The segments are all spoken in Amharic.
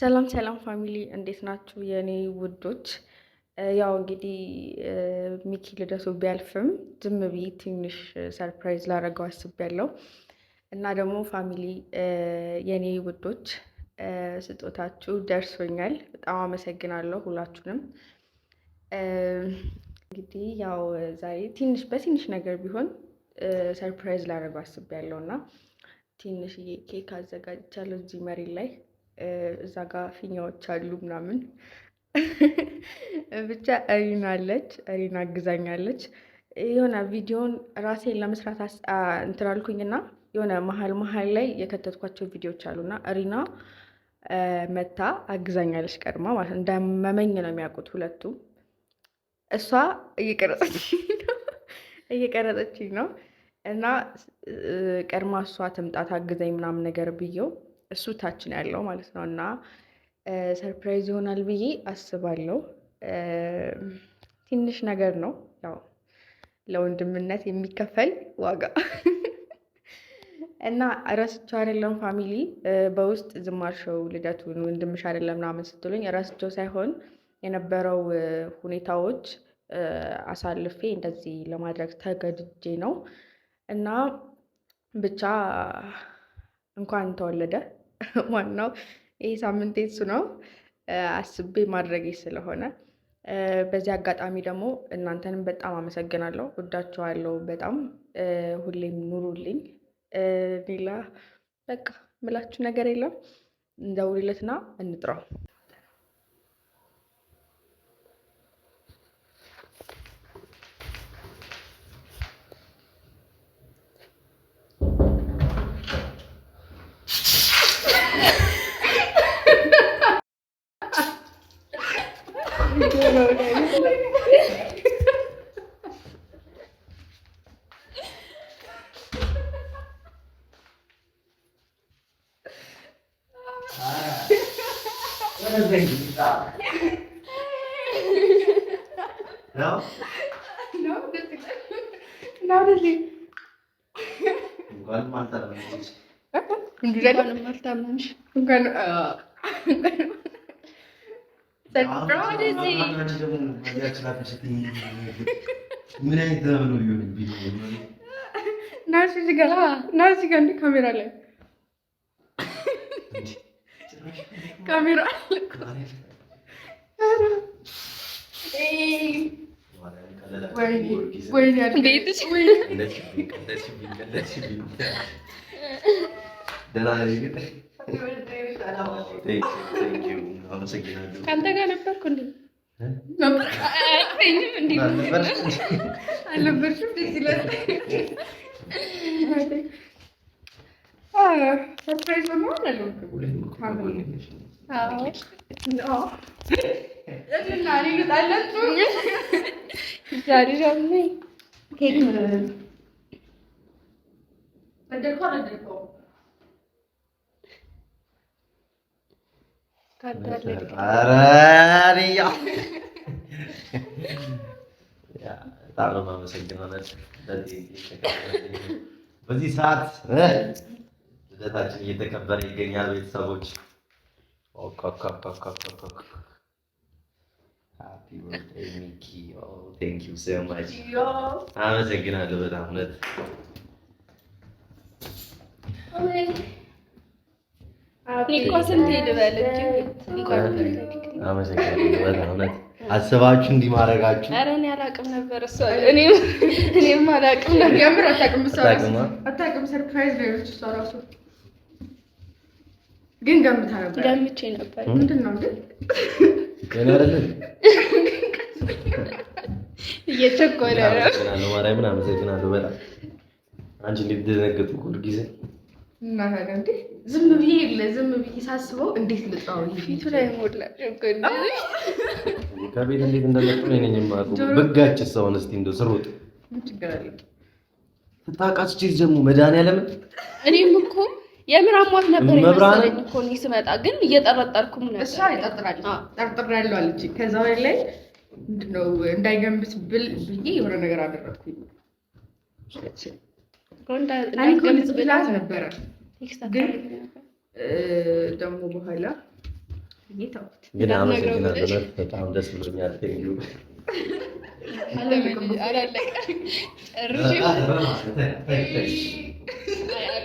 ሰላም ሰላም ፋሚሊ እንዴት ናችሁ? የእኔ ውዶች፣ ያው እንግዲህ ሚኪ ልደቱ ቢያልፍም ዝም ብዬ ትንሽ ሰርፕራይዝ ላደረገው አስቤያለሁ እና ደግሞ ፋሚሊ የእኔ ውዶች ስጦታችሁ ደርሶኛል። በጣም አመሰግናለሁ ሁላችሁንም። እንግዲህ ያው ዛሬ ትንሽ በትንሽ ነገር ቢሆን ሰርፕራይዝ ላደረገው አስቤያለሁ እና ትንሽዬ ኬክ አዘጋጅቻለሁ እዚህ መሬት ላይ እዛ ጋር ፊኛዎች አሉ ምናምን። ብቻ እሪና አለች፣ እሪና አግዛኛለች። የሆነ ቪዲዮን ራሴን ለመስራት እንትን የሆነ መሀል መሀል ላይ የከተትኳቸው ቪዲዮዎች አሉና እሪና መታ አግዛኛለች። ቀድማ ማለት እንደመመኝ ነው የሚያውቁት ሁለቱ እሷ እየቀረጸች እየቀረጸችኝ ነው እና ቀድማ እሷ ትምጣት አግዘኝ ምናምን ነገር ብየው እሱ ታች ነው ያለው ማለት ነው እና ሰርፕራይዝ ይሆናል ብዬ አስባለሁ። ትንሽ ነገር ነው ያው ለወንድምነት የሚከፈል ዋጋ እና እረስቸው አይደለም ፋሚሊ በውስጥ ዝማርሸው ልደቱን ወንድምሽ አይደለም ምናምን ስትሉኝ እረስቸው ሳይሆን የነበረው ሁኔታዎች አሳልፌ እንደዚህ ለማድረግ ተገድጄ ነው እና ብቻ እንኳን ተወለደ ዋናው ይሄ ሳምንት እሱ ነው አስቤ ማድረጌ ስለሆነ በዚህ አጋጣሚ ደግሞ እናንተንም በጣም አመሰግናለሁ። ወዳችኋለሁ በጣም ሁሌም ኑሩልኝ። ሌላ በቃ ምላችሁ ነገር የለም። እንደውልለትና እንጥራው ምን አይነት ነው ይሆንብኝ? ናርሲ እዚህ ጋር ናርሲ ጋር እንደ ካሜራ ላይ ካሜራ ከአንተ ጋር ነበርኩ እንዴ? አልነበርሽም? ደስ ይላል። ሰርፕራይዝ በመሆን አለ በጣም በዚህ ሰዓት ልደታችን እየተከበረ ይገኛል ቤተሰቦች Oh, kalk kalk kalk kalk kalk kalk. Happy birthday, Mickey. Oh, thank you so much. Yo. አመሰግናለሁ በጣም እውነት። አመሰግናለሁ በጣም እውነት። አስባችሁ እንዲህ ማድረጋችሁ። ኧረ እኔ አላውቅም ነበር እሷ እኔም እኔም አላውቅም ነበር። የምር አታውቅም እሷ ራሱ አታውቅም። ሰርፕራይዝ ነው እሷ ራሱ ግን ገምታ ነበር። ገምቼ ነበር። ምንድን ነው ግን ገና አይደለም። እየቸኮለ ነው። ማርያምን አመሰግናለሁ በጣም አንቺ እንዴት ደነገጥኩ ሁል ጊዜ እና እንደ ዝም ብዬ የለ ዝም ብዬ ሳስበው እንዴት ልጣው ፊቱ ላይ ሞላ ከቤት እንዴት እንደመጡ ነው ነኝ ማቁ በጋጭ ሰውን እስቲ እንደ ስሮጥ ትታቃስቼ ደግሞ መድኃኒዓለም እኔም እኮ የምር አሟት ነበር የመሰለኝ እኮ እኔ ስመጣ፣ ግን እየጠረጠርኩም ነበር። እሷ ይጠርጥራል ጠርጥር አለች። ከዛ ወይ ላይ ምንድነው እንዳይገምት ብል ብዬ የሆነ ነገር አደረግኩኝ። እንዳይገምት ብላት ነበረ፣ ግን ደግሞ በኋላ ግን አመሰግናለሁ። በጣም ደስ ብሎኛል። አላለቀ ጨርሼ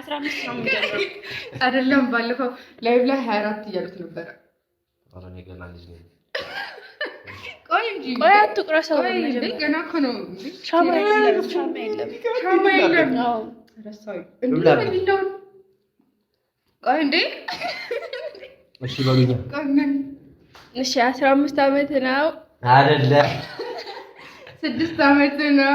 አስራ አምስት ነው አይደለም። ባለፈው ላይቭ ላይ ሀያ አራት እያሉት ነበረ። ቆይ እንጂ ገና እኮ ነው። ሻማ የለም። ቆይ እንዴ! እሺ አስራ አምስት አመት ነው አይደለ? ስድስት አመት ነው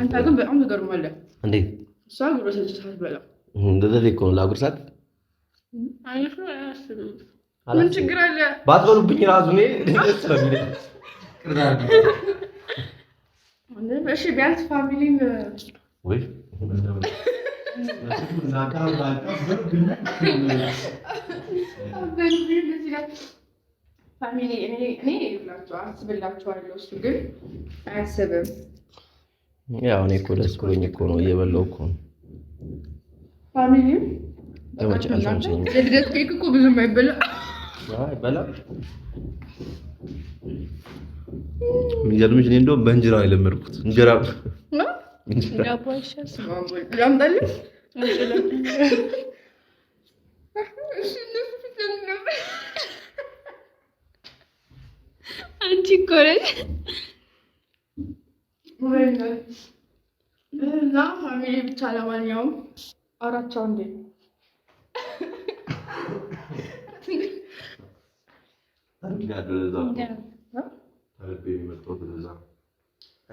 አንተ ግን በጣም ትገርማለህ። እንዴት እሷ ግብረ ስድስት ሰዓት በላ እንደዚህ እኮ ነው ለአጉር ሰዓት ምን ችግር አለ? ባትበሉብኝ ራሱ እሺ ቢያንስ ፋሚሊን ፋሚሊ እኔ እኔ እሱ ግን አያስብም ያው እኔ እኮ ደስ ብሎኝ እኮ ነው እየበላሁ እኮ ነው። የልደት ኬክ እኮ ብዙም አይበላም። የሚገርምሽ እኔ እንደውም በእንጀራ ነው የለመድኩት። እንጀራ አንቺ እኮ ነሽ እና ፋሚሊ ብቻ ለማንኛውም አራቻው እንዴ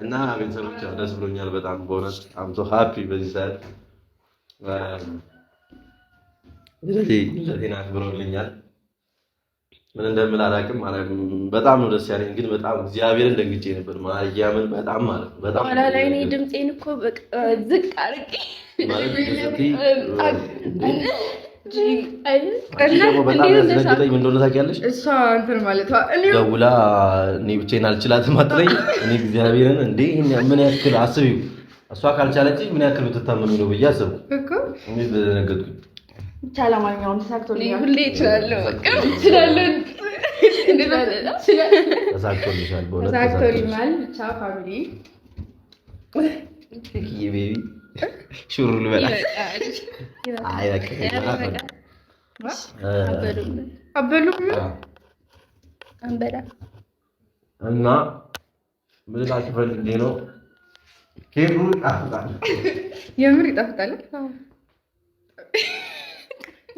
እና ቤተሰቦች ደስ ብሎኛል በጣም በእውነት አምቶ ሀፒ በዚህ ሰዓት አክብሮልኛል። ምን እንደምል አላውቅም። በጣም ነው ደስ ያለኝ፣ ግን በጣም እግዚአብሔርን ደንግጬ ነበር። ማርያምን በጣም ማለት ነው። በጣም ኋላ ላይ እኔ ድምፄን እኮ ዝቅ አድርጌ በጣም ያስደነገጠኝ እንደሆነ ታውቂያለሽ? ደውላ እኔ ብቻዬን አልችላትም አትለኝ። እኔ እግዚአብሔርን እንዴ ምን ያክል አስቢው፣ እሷ ካልቻለች ምን ያክል ብትታመኑ ነው ብዬ አስቡ። እኔ ደነገጥኩኝ። ብቻ ለማንኛውም ተሳክቶልኛል። ሁሌ እችላለሁ እችላለሁ ተሳክቶልኛል፣ ተሳክቶልኛል። ብቻ ፋሚሊ ቤቢ ሹሩ እና ምን ላችሁ ፈልጌ ነው ኬሩ ይጣፍጣል፣ የምር ይጣፍጣል።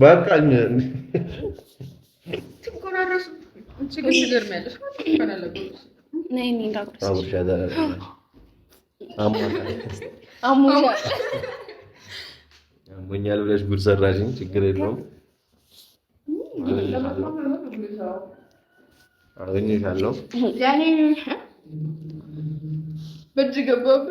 በቃ አሞኛል ብለሽ ጉድ ሰራሽኝ። ችግር የለውም አገኘሻለሁ። በእጅ ገባብን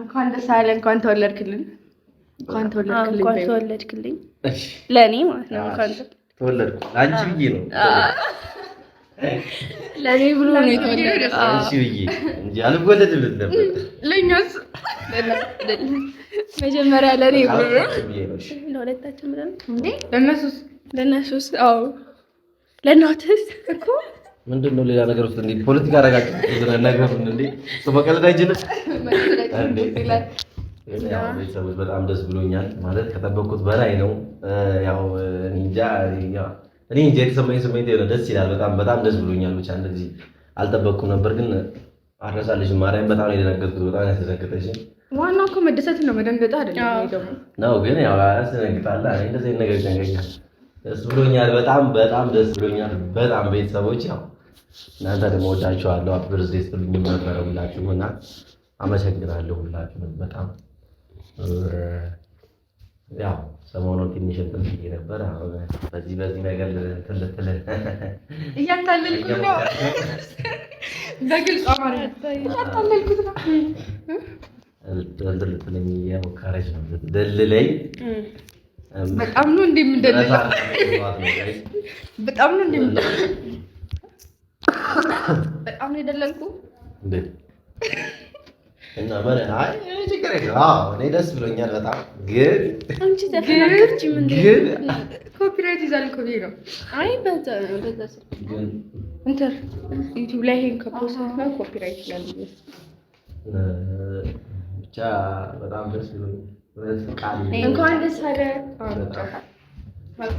እንኳን ደስ አለ። እንኳን ተወለድክልን። እንኳን ተወለድክልኝ። ለእኔ ማለት ነው። እንኳን ተወለድኩ ለአንቺ ብዬ ነው። ለእኔ ብሎ ነው ብዬ እንጂ ነበር። ለእኛስ መጀመሪያ ለእኔ ብሎ ነው። ለሁለታችን ለእነሱስ ለእነሱስ? አዎ እኮ ምንድን ነው ሌላ ነገር ውስጥ ፖለቲካ ረጋ? ነገር እንደ በቀለድ አይችልም ቤተሰቦች በጣም ደስ ብሎኛል። ማለት ከጠበቅኩት በላይ ነው። እኔ እንጃ የተሰማኝ ስሜት የሆነ ደስ ይላል። በጣም በጣም ደስ ብሎኛል። ብቻ እንደዚህ አልጠበቅኩም ነበር፣ ግን አድረሳለች ማርያም። በጣም ነው የደነገጥኩት። በጣም ያስደነግጠች ዋናው እኮ መደሰት ነው፣ መደንገጥ አይደለም ነው። ግን ያው ያስደነግጣል። እንደዚህ ነገር ይደነገኛል። ደስ ብሎኛል። በጣም በጣም ደስ ብሎኛል። በጣም ቤተሰቦች ያው እናንተ ደግሞ ወዳችኋለሁ። አፕብርዝ ስትሉኝ ነበረ ሁላችሁም እና አመሰግናለሁ ሁላችሁንም በጣም ያው ሰሞኑን ትንሽ እንትን ብዬ ነበር። አሁን በዚህ በዚህ ነገር እንትን ልትል እያታለልኩት ነው፣ በግልጽ እያታለልኩት ነው። እንትን ልትለኝ እየሞከረች ነው፣ ደልለኝ። በጣም ነው እንደምደልለው፣ በጣም ነው እንደምደልለው፣ በጣም ነው የደለልኩ እና ማለት አይ እኔ ችግር የለም። እኔ ደስ ብሎኛል በጣም ግን አንቺ ተፈናከርች ምን ግን ኮፒራይት ይዛል እኮ ነው። አይ በዛ በዛ እንትን ዩቲዩብ ላይ ይሄን ከፖስት ነው ኮፒራይት ይላል። ብቻ በጣም ደስ ብሎኛል። እንኳን ደስ አለ ማለት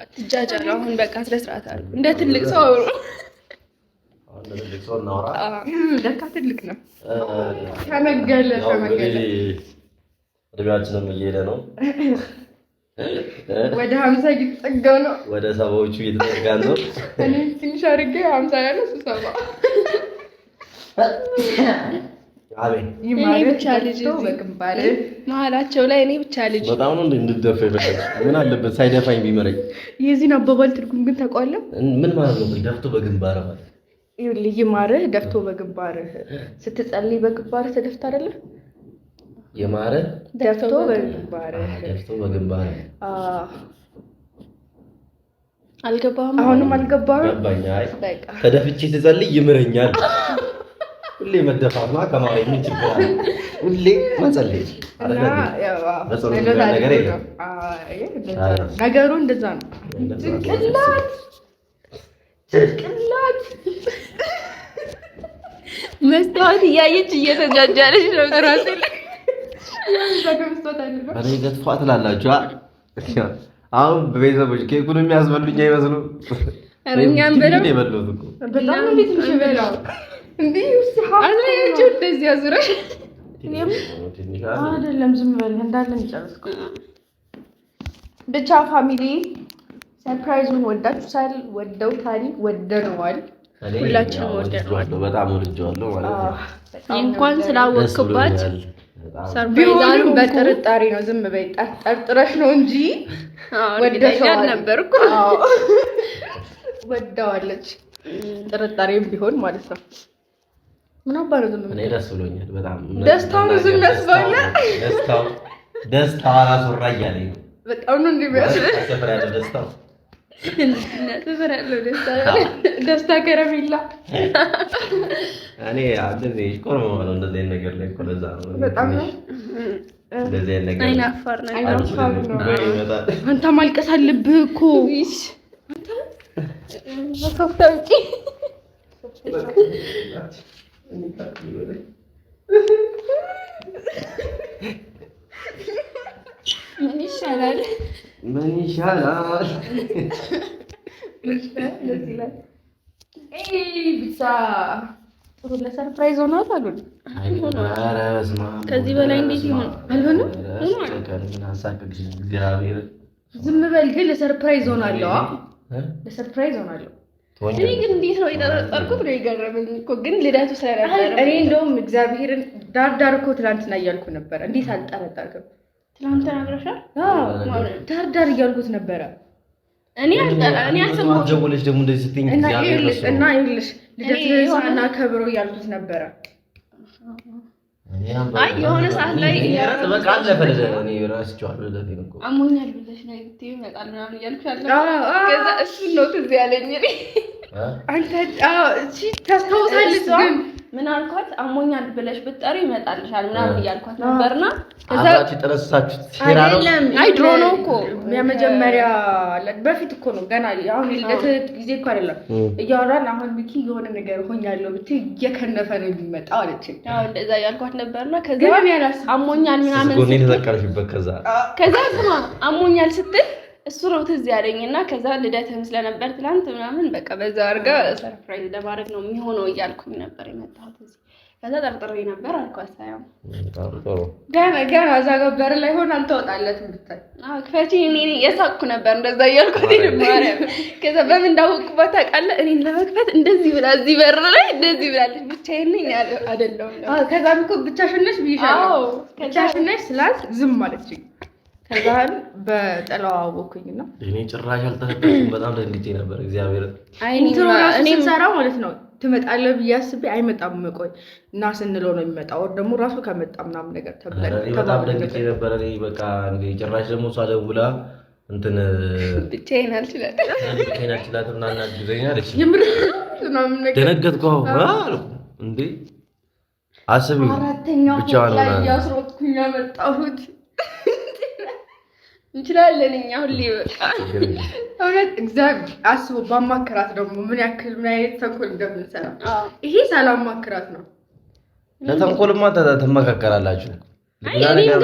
አትጃጃሉ። አሁን በቃ ስለ ስርዓት አድርጉ። እንደ ትልቅ ሰው አውሩ። ትልቅ ሰው እናውራ። ለካ ትልቅ ነው። ተመገለ ተመገለ። እድሜያችንም እየሄደ ነው። ወደ ሀምሳ እየተጠጋው ነው። ወደ ሰባዎቹ እየተጠጋ ነው። እኔ ትንሽ አድርጌ ሀምሳ ያለ ሱ ሰባ ብቻ ልጅ መሀላቸው ላይ እኔ ብቻ ልጅ በጣም ነው እንድደፋ ይበቃል። ምን አለበት ሳይደፋኝ ቢመረኝ። የዚህን አባባል ትርጉም ግን ታውቀዋለህ? ምን ማለት ነው? ደፍቶ በግንባር ማለት ይማርህ። ደፍቶ በግንባር ስትጸልይ በግንባር ተደፍታ አይደለ? የማረ ደፍቶ ደፍቶ አልገባህም? አሁንም አልገባህም? ተደፍቼ ስጸልይ ይምረኛል። ሁሌ መደፋት ነው ከማሪ ምን ችግር አለ? ሁሌ መጸለይ ነገር የለም። ነገሩ እንደዛ ነው። ጭንቅላት ጭንቅላት መስታወት እያየች እየተጃጃለች ነው። ራሴ ላይ ገጥፏ ትላላችሁ። አሁን በቤተሰቦች ኬኩን የሚያስበሉኝ አይመስሉ እኛም በለው በጣም ቤት ሚበላው እንደዚህ አዙረሽ አይደለም ዝም በል እንዳለ ብቻ ፋሚሊ ሰርፕራይዙን ወዳችሁታል። ወደው ታሪክ ወደነዋል። ሁላችንም በጣም ወድጀዋለሁ ማለት ነው። እንኳን ቢሆንም በጥርጣሬ ነው። ዝም በይ ጠርጥረሽ ነው እንጂ ወደዋለች ጥርጣሬም ቢሆን ማለት ነው። ምን አባረ ዝም ብለህ? ደስ ብሎኛል በጣም ደስታው ዝም ያስባለ ደስታው ደስታው አላስወራ እያለኝ ነው። በጣም ነው እንዴ ደስታው ደስታ ከረሜላ እኔ እንደዚህ ቆርሞ ነው እንደዚህ ነገር ላይ ለዛ ነው በጣም ነው አንተ ማልቀስ አለብህ እኮ አንተ ምን ይሻላል? ምን ይሻላል? ብቻ ጥሩ ለሰርፕራይዝ ሆኗል አሉ። ከዚህ በላይ እንዴት ይሆን? አልሆነም። ዝም በል ግን ለሰርፕራይዝ ሆናለሁ፣ ለሰርፕራይዝ ሆናለሁ እኔ ግን እንዴት ነው የጠረጠርኩት ነው የገረመኝ እኮ ግን ልደቱ ስለነበረ እኔ እንደውም እግዚአብሔርን ዳርዳር እኮ ትላንትና እያልኩ ነበረ። እንዴት አልጠረጠርክም? ትላንት ተናግረሻል። ዳርዳር እያልኩት ነበረ እኔ ደግሞ እንደዚህ ስትይኝ እና ይኸውልሽ ልደቱ ሳናከብረው እያልኩት ነበረ አይ የሆነ ሰዓት ላይ በቃ አለፈ። እኔ ነው እኮ አሞኛል ብለሽ ነው ብትይው ይመጣል ምናምን እያልኩ አለ። እሱን ነው ትዝ ያለኝ። አንተ ተስታውሳለች ግን ምን አልኳት፣ አሞኛል ብለሽ ብትጠሪ ይመጣልሻል ምናምን እያልኳት ነበርና አብራችሁ የጠነሰሳችሁት ሴራ ነው። አይ ድሮ ነው እኮ የመጀመሪያ በፊት እኮ ነው ገና አሁን ልደት ጊዜ እኮ አይደለም እያወራን። አሁን ሚኪ የሆነ ነገር ሆኛለሁ ብትይ እየከነፈ ነው የሚመጣው አለችኝ። አዎ እንደዛ እያልኳት ነበርና ከዛ አሞኛል ምናምን ስትል ከዛ ስማ አሞኛል ስትል እሱ ነው ትዝ ያለኝ እና ከዛ ልደትም ስለነበር ትላንት ምናምን በቃ በዛ አድርጋ ሰርፕራይዝ ለማድረግ ነው የሚሆነው እያልኩኝ ነበር የመጣሁት እዚህ። ከዛ ጠርጥሬ ነበር አልኳት። ሳያም ገና ገና እዛ ገበር ላይ ሆን አልተወጣለትም ብታይ ክፈቺ እኔ የሳቅኩ ነበር እንደዛ እያልኩት ማርያም። ከዛ በምን እንዳወቅኩባት ታውቃለህ? እኔን ለመክፈት እንደዚህ ብላ እዚህ በር ላይ እንደዚህ ብላለች። ብቻዬን ነኝ አይደለሁም። ከዛም እኮ ብቻሽን ነሽ ብዬሻለሁ። ብቻሽን ነሽ ስላት ዝም አለችኝ። በጠለዋ በጠለዋወኩኝ ነው እኔ ጭራሽ አልተረዳሽም። በጣም ደንግጬ ነበር። እግዚአብሔር እኔ ሰራ ማለት ነው። ትመጣለህ ብዬ አስቤ አይመጣም። መቆይ እና ስንለው ነው የሚመጣ ወር ደግሞ ራሱ ከመጣ ምናምን ነገር በጣም ደንግጬ ነበረ። በቃ ጭራሽ ደግሞ እሷ ደውላ እንትን ብቻዬን አልችላትም ብቻዬን አልችላትም እና እናግዘኛለች ደነገጥኩ። አሉ እንዴ አስቢ ብቻዋን ሆና ያስሮጥኩኝ ያመጣሁት እንችላለን እኛ ሁሌ በቃ እውነት እግዚአብሔር አስቦ ባማክራት ደግሞ ምን ያክል ምን አይነት ተንኮል እንደምንሰራ ይሄ ሳላማክራት ነው። ለተንኮልማ ትመካከራላችሁ። እኔም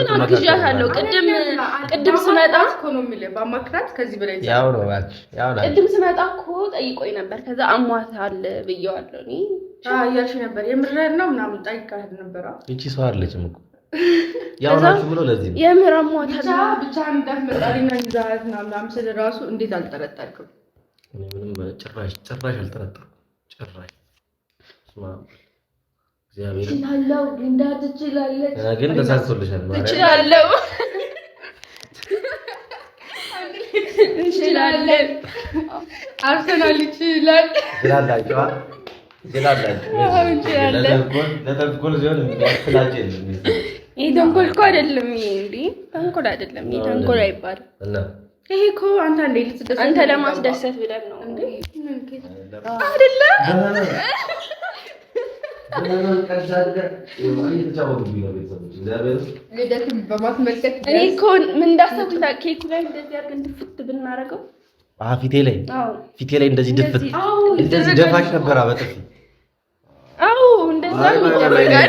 ቅድም ስመጣ እኮ ጠይቆኝ ነበር። ከዛ አሟታል ብየዋለሁ። እኔ ነበር የምረን ነው ምናምን ጠይቃል ነበር። እቺ ሰው አለችም እኮ ያውራችሁ ብሎ ለዚህ ነው የምራሙ ሞታ ብቻ ብቻ እንዳትመጣልኝ ይዛት ነው ምናምን ስል ራሱ እንዴት አልጠረጠርክም? እኔ ምንም ጭራሽ ጭራሽ አልጠረጠርኩም። ጭራሽ እግዚአብሔር ይችላልው እንዳ ትችላለች፣ ግን ተሳስቶልሻል ማለት ትችላለሁ እንችላለን አርሰናል ይችላል ትላላችሁ ትላላችሁ ለተኩል ሲሆን የሚያስላጭ የለም ይሄ ተንኮል እኮ አይደለም። ይሄ እንዴ ተንኮል አይደለም። ይሄ ተንኮል አይባልም። ይሄ እኮ አንተ አንዴ ልትደሰት አንተ ለማስደሰት ብለህ ነው እንዴ አይደለም። ምን እንዳሰብኩት ኬኩ ላይ እንደዚህ አድርገን ድፍት ብናደርገው ፊቴ ላይ ፊቴ ላይ እንደዚህ ድፍት እንደዚህ ደፋሽ ነበራ በጥፊ አዎ፣ እንደዛ ይደረጋል።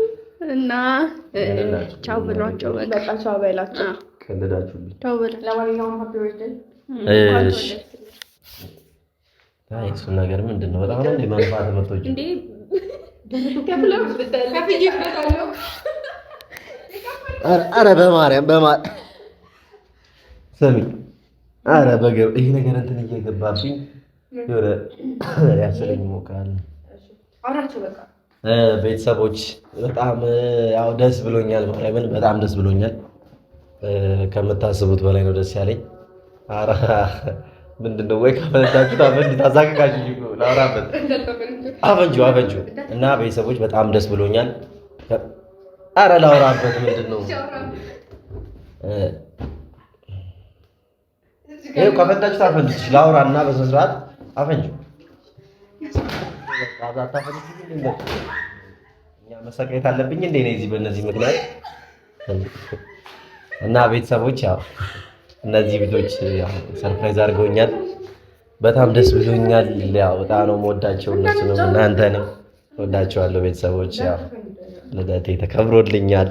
እና ቻው ብሏቸው በቃ ቻው በላቸው። ቻው ለማንኛውም እሺ እሱን ነገር ምንድን ነው በጣም ነው መንፋት መጥቶች እንዴ ከፍለው አረ በማርያም በማር ስሚ፣ አረ በገብ ይሄ ነገር እንትን እየገባብኝ የሆነ ያስለኝ ይሞክራል። በቃ ቤተሰቦች በጣም ያው ደስ ብሎኛል። ማርያምን በጣም ደስ ብሎኛል። ከምታስቡት በላይ ነው ደስ ያለኝ። ኧረ ምንድን ነው ወይ ካፈነዳችሁት አፈንድ ታዛቅቃችሁ አፈንጁ አፈንጁ እና ቤተሰቦች በጣም ደስ ብሎኛል። አረ ላውራበት ምንድን ነው ይኸው ካፈነዳችሁት ላውራ እና በስነ ስርዓት አፈንጁ ዋጋ አታፈልግም። እኛ መሰቃየት አለብኝ እንዴ ነው እዚህ በእነዚህ ምክንያት እና ቤተሰቦች ያው እነዚህ ልጆች ሰርፕራይዝ አድርገውኛል። በጣም ደስ ብሎኛል። ያው በጣም ነው የምወዳቸው እነሱንም እናንተንም እወዳቸዋለሁ። ቤተሰቦች ያው ልደቴ ተከብሮልኛል።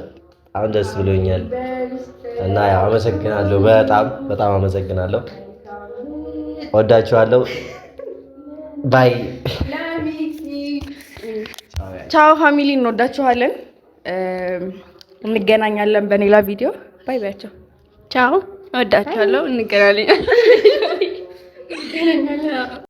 በጣም ደስ ብሎኛል እና ያው አመሰግናለሁ። በጣም በጣም አመሰግናለሁ። እወዳቸዋለሁ። ባይ ቻው ፋሚሊ፣ እንወዳችኋለን። እንገናኛለን በሌላ ቪዲዮ። ባይ ባያቸው። ቻው፣ እወዳችኋለሁ። እንገናኛለን።